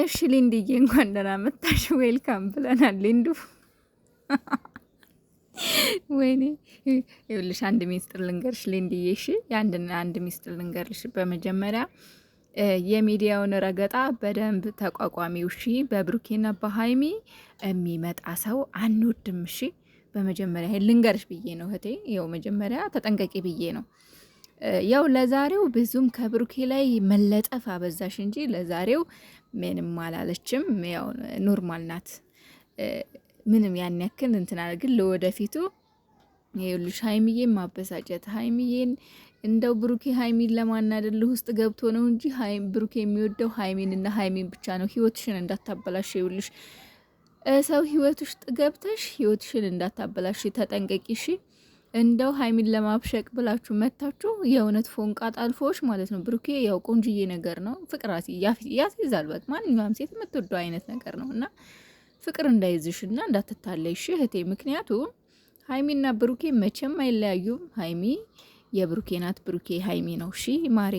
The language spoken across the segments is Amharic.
እሺ ሊንድዬ እንኳን ደህና መጣሽ፣ ዌልካም ብለናል። ሊንዱ ወይኔ ይኸውልሽ አንድ ሚስጥር ልንገርሽ ሊንድዬ። እሺ የአንድና አንድ ሚስጥር ልንገርሽ። በመጀመሪያ የሚዲያውን ረገጣ በደንብ ተቋቋሚው። እሺ በብሩኬና በሀይሚ የሚመጣ ሰው አንወድም። እሺ በመጀመሪያ ልንገርሽ ብዬ ነው እህቴ። ይኸው መጀመሪያ ተጠንቀቂ ብዬ ነው ያው ለዛሬው ብዙም ከብሩኬ ላይ መለጠፍ አበዛሽ እንጂ ለዛሬው ምንም አላለችም። ያው ኖርማል ናት። ምንም ያን ያክል እንትና ግን ለወደፊቱ ይኸውልሽ ሀይሚዬን ማበሳጨት ሀይሚዬን እንደው ብሩኬ ሀይሚን ለማናደል ውስጥ ገብቶ ነው እንጂ ብሩኬ የሚወደው ሀይሚን እና ሀይሚን ብቻ ነው። ህይወትሽን እንዳታበላሽ ይኸውልሽ ሰው ህይወት ውስጥ ገብተሽ ህይወትሽን እንዳታበላሽ ተጠንቀቂ። እንደው ሀይሚን ለማብሸቅ ብላችሁ መታችሁ የእውነት ፎንቃ ጣልፎች ማለት ነው። ብሩኬ ያው ቆንጅዬ ነገር ነው፣ ፍቅር ያስይዛል። በቃ ማንኛውም ሴት የምትወደው አይነት ነገር ነው እና ፍቅር እንዳይዝሽ እና እንዳትታለይ እህቴ። ምክንያቱም ሀይሚና ብሩኬ መቼም አይለያዩም። ሀይሚ የብሩኬ ናት፣ ብሩኬ ሀይሚ ነው። ሺ ማሬ፣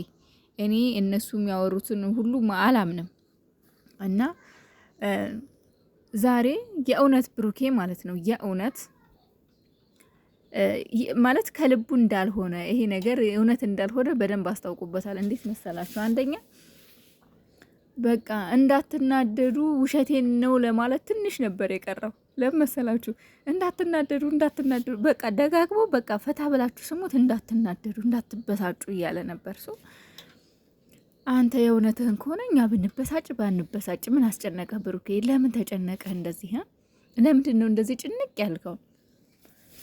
እኔ እነሱ የሚያወሩትን ሁሉ አላምንም እና ዛሬ የእውነት ብሩኬ ማለት ነው የእውነት ማለት ከልቡ እንዳልሆነ ይሄ ነገር እውነት እንዳልሆነ በደንብ አስታውቁበታል። እንዴት መሰላችሁ? አንደኛ በቃ እንዳትናደዱ ውሸቴን ነው ለማለት ትንሽ ነበር የቀረው። ለምን መሰላችሁ? እንዳትናደዱ እንዳትናደዱ በቃ ደጋግሞ በቃ ፈታ ብላችሁ ስሙት፣ እንዳትናደዱ እንዳትበሳጩ እያለ ነበር ሶ አንተ የእውነትህን ከሆነ እኛ ብንበሳጭ ባንበሳጭ ምን አስጨነቀ? ብሩኬ? ለምን ተጨነቀህ እንደዚህ? ለምንድን ነው እንደዚህ ጭንቅ ያልከው?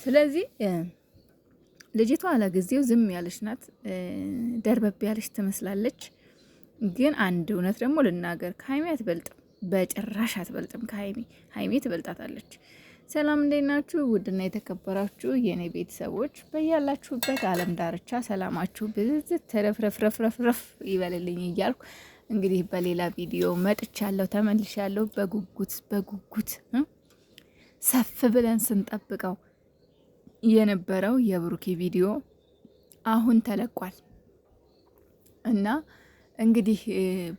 ስለዚህ ልጅቷ ለጊዜው ዝም ያለች ናት፣ ደርበብ ያለች ትመስላለች። ግን አንድ እውነት ደግሞ ልናገር፣ ከሀይሚ አትበልጥም፣ በጭራሽ አትበልጥም። ከሀይሚ ሀይሚ ትበልጣታለች። ሰላም እንዴት ናችሁ? ውድና የተከበራችሁ የእኔ ቤተሰቦች በያላችሁበት ዓለም ዳርቻ ሰላማችሁ ብዝት ተረፍረፍረፍረፍ ይበልልኝ እያልኩ እንግዲህ በሌላ ቪዲዮ መጥቻለሁ፣ ተመልሻለሁ። በጉጉት በጉጉት ሰፍ ብለን ስንጠብቀው የነበረው የብሩኬ ቪዲዮ አሁን ተለቋል እና እንግዲህ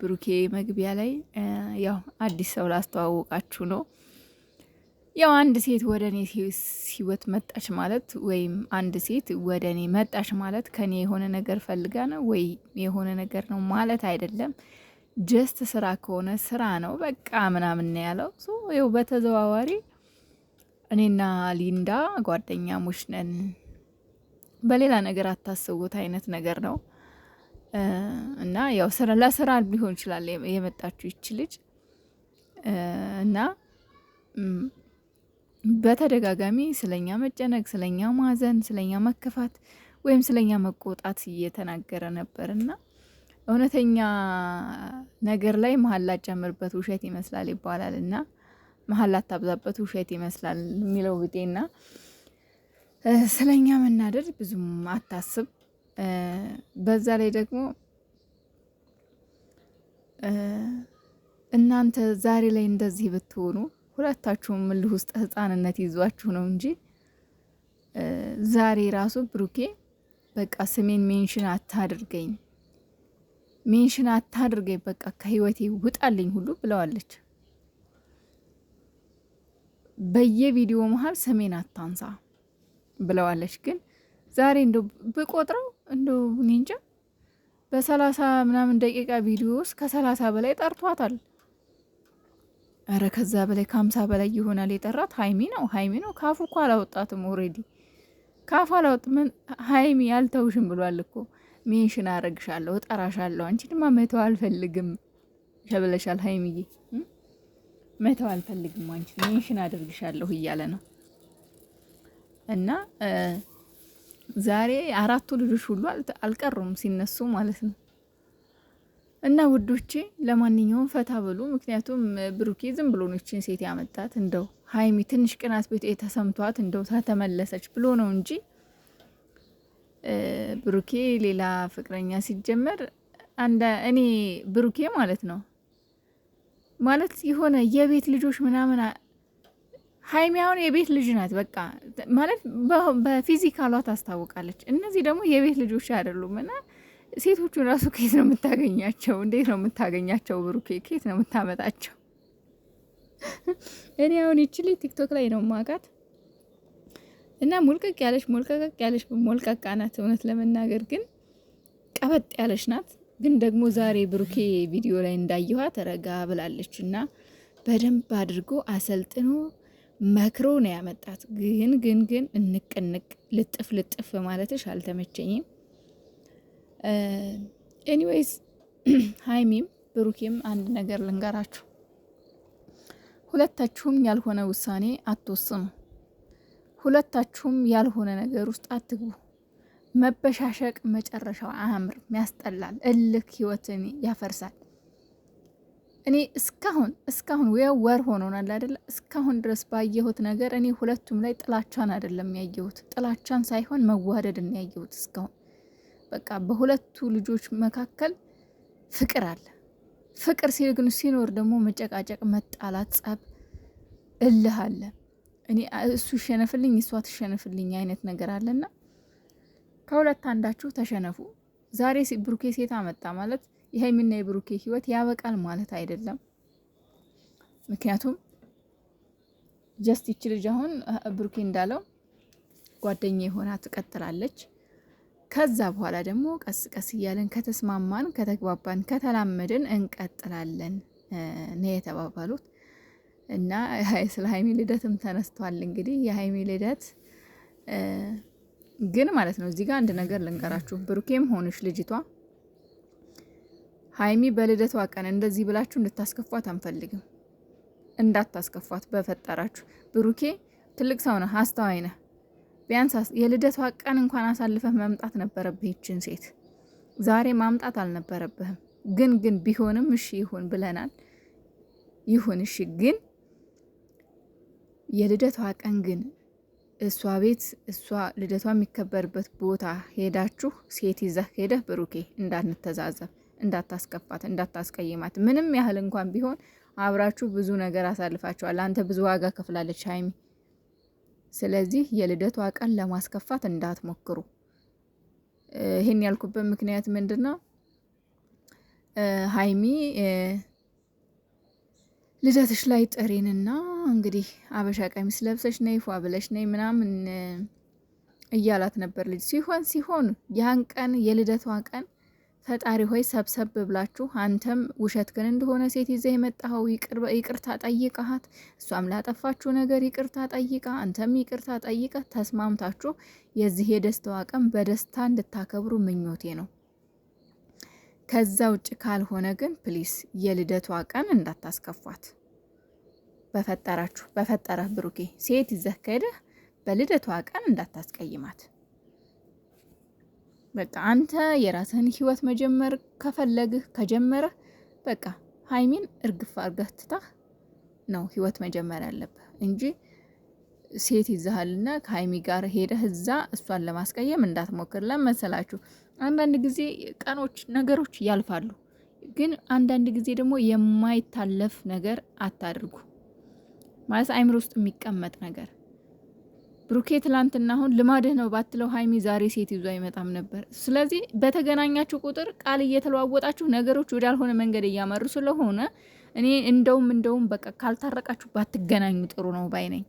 ብሩኬ መግቢያ ላይ ያው አዲስ ሰው ላስተዋወቃችሁ ነው። ያው አንድ ሴት ወደ እኔ ህይወት መጣች ማለት ወይም አንድ ሴት ወደ እኔ መጣች ማለት ከኔ የሆነ ነገር ፈልጋ ነው ወይ የሆነ ነገር ነው ማለት አይደለም። ጀስት ስራ ከሆነ ስራ ነው በቃ ምናምን ያለው ው በተዘዋዋሪ እኔና ሊንዳ ጓደኛሞች ነን፣ በሌላ ነገር አታስቡት አይነት ነገር ነው እና ያው ለስራ ሊሆን ይችላል የመጣችሁ ይች ልጅ እና በተደጋጋሚ ስለኛ መጨነቅ፣ ስለኛ ማዘን፣ ስለኛ መከፋት ወይም ስለኛ መቆጣት እየተናገረ ነበር እና እውነተኛ ነገር ላይ መሀል ላጨምርበት ውሸት ይመስላል ይባላል እና መሀል አታብዛበት ውሸት ይመስላል የሚለው ግጤና ስለኛ መናደድ ብዙም አታስብ። በዛ ላይ ደግሞ እናንተ ዛሬ ላይ እንደዚህ ብትሆኑ ሁለታችሁም እልህ ውስጥ ህፃንነት ይዟችሁ ነው እንጂ ዛሬ ራሱ ብሩኬ በቃ ስሜን ሜንሽን አታድርገኝ፣ ሜንሽን አታድርገኝ፣ በቃ ከህይወቴ ውጣልኝ ሁሉ ብለዋለች። በየቪዲዮ መሀል ሰሜን አታንሳ ብለዋለች። ግን ዛሬ እንደ ብቆጥረው እንደ እኔ እንጃ በሰላሳ ምናምን ደቂቃ ቪዲዮ ውስጥ ከሰላሳ በላይ ጠርቷታል። እረ ከዛ በላይ ከሀምሳ በላይ ይሆናል የጠራት። ሀይሚ ነው ሀይሚ ነው ካፉ እኮ አላወጣትም። ኦልሬዲ ካፉ አላወጥ ምን ሀይሚ አልተውሽም ብሏል እኮ ሜንሽን አረግሻለሁ፣ እጠራሻለሁ፣ አንቺ ድማ መተው አልፈልግም ሸብለሻል ሀይሚዬ መተው አልፈልግም አንቺን ሜንሽን አድርግሻለሁ እያለ ነው እና ዛሬ አራቱ ልጆች ሁሉ አልቀሩም ሲነሱ ማለት ነው። እና ውዶቼ ለማንኛውም ፈታ ብሉ። ምክንያቱም ብሩኬ ዝም ብሎ ነው ይችን ሴት ያመጣት። እንደው ሀይሚ ትንሽ ቅናት ቤት የተሰምቷት እንደው ተመለሰች ብሎ ነው እንጂ ብሩኬ ሌላ ፍቅረኛ ሲጀመር አንዳ እኔ ብሩኬ ማለት ነው ማለት የሆነ የቤት ልጆች ምናምን ሀይሚ አሁን የቤት ልጅ ናት። በቃ ማለት በፊዚካሏ ታስታውቃለች። እነዚህ ደግሞ የቤት ልጆች አይደሉም እና ሴቶቹ ራሱ ከየት ነው የምታገኛቸው? እንዴት ነው የምታገኛቸው? ብሩኬ ከየት ነው የምታመጣቸው? እኔ አሁን ይችል ቲክቶክ ላይ ነው ማቃት እና ሞልቀቅ ያለች ሞልቀቅ ያለች ሞልቀቃ ናት። እውነት ለመናገር ግን ቀበጥ ያለች ናት። ግን ደግሞ ዛሬ ብሩኬ ቪዲዮ ላይ እንዳየኋ ተረጋ ብላለች እና በደንብ አድርጎ አሰልጥኖ መክሮ ነው ያመጣት። ግን ግን ግን እንቅንቅ ልጥፍ ልጥፍ ማለትሽ አልተመቸኝም። ኤኒዌይስ ሀይሚም ብሩኬም አንድ ነገር ልንገራችሁ፣ ሁለታችሁም ያልሆነ ውሳኔ አትወስኑ። ሁለታችሁም ያልሆነ ነገር ውስጥ አትግቡ። መበሻሸቅ መጨረሻው አያምርም፣ ያስጠላል። እልክ ህይወትን ያፈርሳል። እኔ እስካሁን እስካሁን ወር ሆኖናል አይደለ? እስካሁን ድረስ ባየሁት ነገር እኔ ሁለቱም ላይ ጥላቻን አይደለም ያየሁት፣ ጥላቻን ሳይሆን መዋደድን ያየሁት። እስካሁን በቃ በሁለቱ ልጆች መካከል ፍቅር አለ። ፍቅር ሲግን ሲኖር ደግሞ መጨቃጨቅ፣ መጣላት፣ ጸብ፣ እልህ አለ። እኔ እሱ ይሸነፍልኝ እሷ ትሸነፍልኝ አይነት ነገር አለና ከሁለት አንዳችሁ ተሸነፉ። ዛሬ ብሩኬ ሴት አመጣ ማለት የሀይሚና የብሩኬ ህይወት ያበቃል ማለት አይደለም። ምክንያቱም ጀስት ይቺ ልጅ አሁን ብሩኬ እንዳለው ጓደኛ የሆና ትቀጥላለች። ከዛ በኋላ ደግሞ ቀስ ቀስ እያለን ከተስማማን፣ ከተግባባን፣ ከተላመድን እንቀጥላለን ነው የተባባሉት እና ስለ ሀይሚ ልደትም ተነስቷል። እንግዲህ የሀይሚ ልደት ግን ማለት ነው እዚህ ጋር አንድ ነገር ልንገራችሁ። ብሩኬም ሆንሽ ልጅቷ ሀይሚ በልደቷ ቀን እንደዚህ ብላችሁ እንድታስከፏት አንፈልግም። እንዳታስከፏት በፈጠራችሁ። ብሩኬ ትልቅ ሰው ነህ፣ አስተዋይ ነህ። ቢያንስ የልደቷ ቀን እንኳን አሳልፈህ መምጣት ነበረብህ። ይችን ሴት ዛሬ ማምጣት አልነበረብህም። ግን ግን ቢሆንም እሺ ይሁን ብለናል። ይሁን እሺ ግን የልደቷ ቀን ግን እሷ ቤት እሷ ልደቷ የሚከበርበት ቦታ ሄዳችሁ ሴት ይዘህ ሄደህ ብሩኬ እንዳንተዛዘብ፣ እንዳታስከፋት፣ እንዳታስቀይማት ምንም ያህል እንኳን ቢሆን አብራችሁ ብዙ ነገር አሳልፋችኋል። አንተ ብዙ ዋጋ ከፍላለች ሀይሚ። ስለዚህ የልደቷ ቀን ለማስከፋት እንዳትሞክሩ። ይህን ያልኩበት ምክንያት ምንድን ነው? ሀይሚ ልደትሽ ላይ ጥሪንና እንግዲህ አበሻ ቀሚስ ለብሰሽ ነይ ፏ ብለሽ ነይ ምናምን እያላት ነበር ልጅ ሲሆን ሲሆን ያን ቀን የልደቷ ቀን ፈጣሪ ሆይ ሰብሰብ ብላችሁ አንተም ውሸት ግን እንደሆነ ሴት ይዘህ የመጣኸው ይቅርታ ጠይቀሃት፣ እሷም ላጠፋችሁ ነገር ይቅርታ ጠይቃ፣ አንተም ይቅርታ ጠይቀ፣ ተስማምታችሁ የዚህ የደስታዋ ቀን በደስታ እንድታከብሩ ምኞቴ ነው። ከዛ ውጭ ካልሆነ ግን ፕሊስ የልደቷ ቀን እንዳታስከፏት። በፈጠራችሁ በፈጠረ ብሩኬ ሴት ይዘህ ከሄደህ በልደቷ ቀን እንዳታስቀይማት። በቃ አንተ የራስህን ህይወት መጀመር ከፈለግህ ከጀመረህ በቃ ሀይሚን እርግፍ አርገህ ትታህ ነው ህይወት መጀመር ያለብህ እንጂ ሴት ይዛሃልና ከሀይሚ ጋር ሄደህ እዛ እሷን ለማስቀየም እንዳትሞክር። ለመሰላችሁ አንዳንድ ጊዜ ቀኖች፣ ነገሮች ያልፋሉ። ግን አንዳንድ ጊዜ ደግሞ የማይታለፍ ነገር አታድርጉ ማለት አይምሮ ውስጥ የሚቀመጥ ነገር ብሩኬ ትላንትና አሁን ልማድህ ነው ባትለው ሀይሚ ዛሬ ሴት ይዞ አይመጣም ነበር። ስለዚህ በተገናኛችሁ ቁጥር ቃል እየተለዋወጣችሁ ነገሮች ወዳልሆነ መንገድ እያመሩ ስለሆነ እኔ እንደውም እንደውም በቃ ካልታረቃችሁ ባትገናኙ ጥሩ ነው ባይ ነኝ።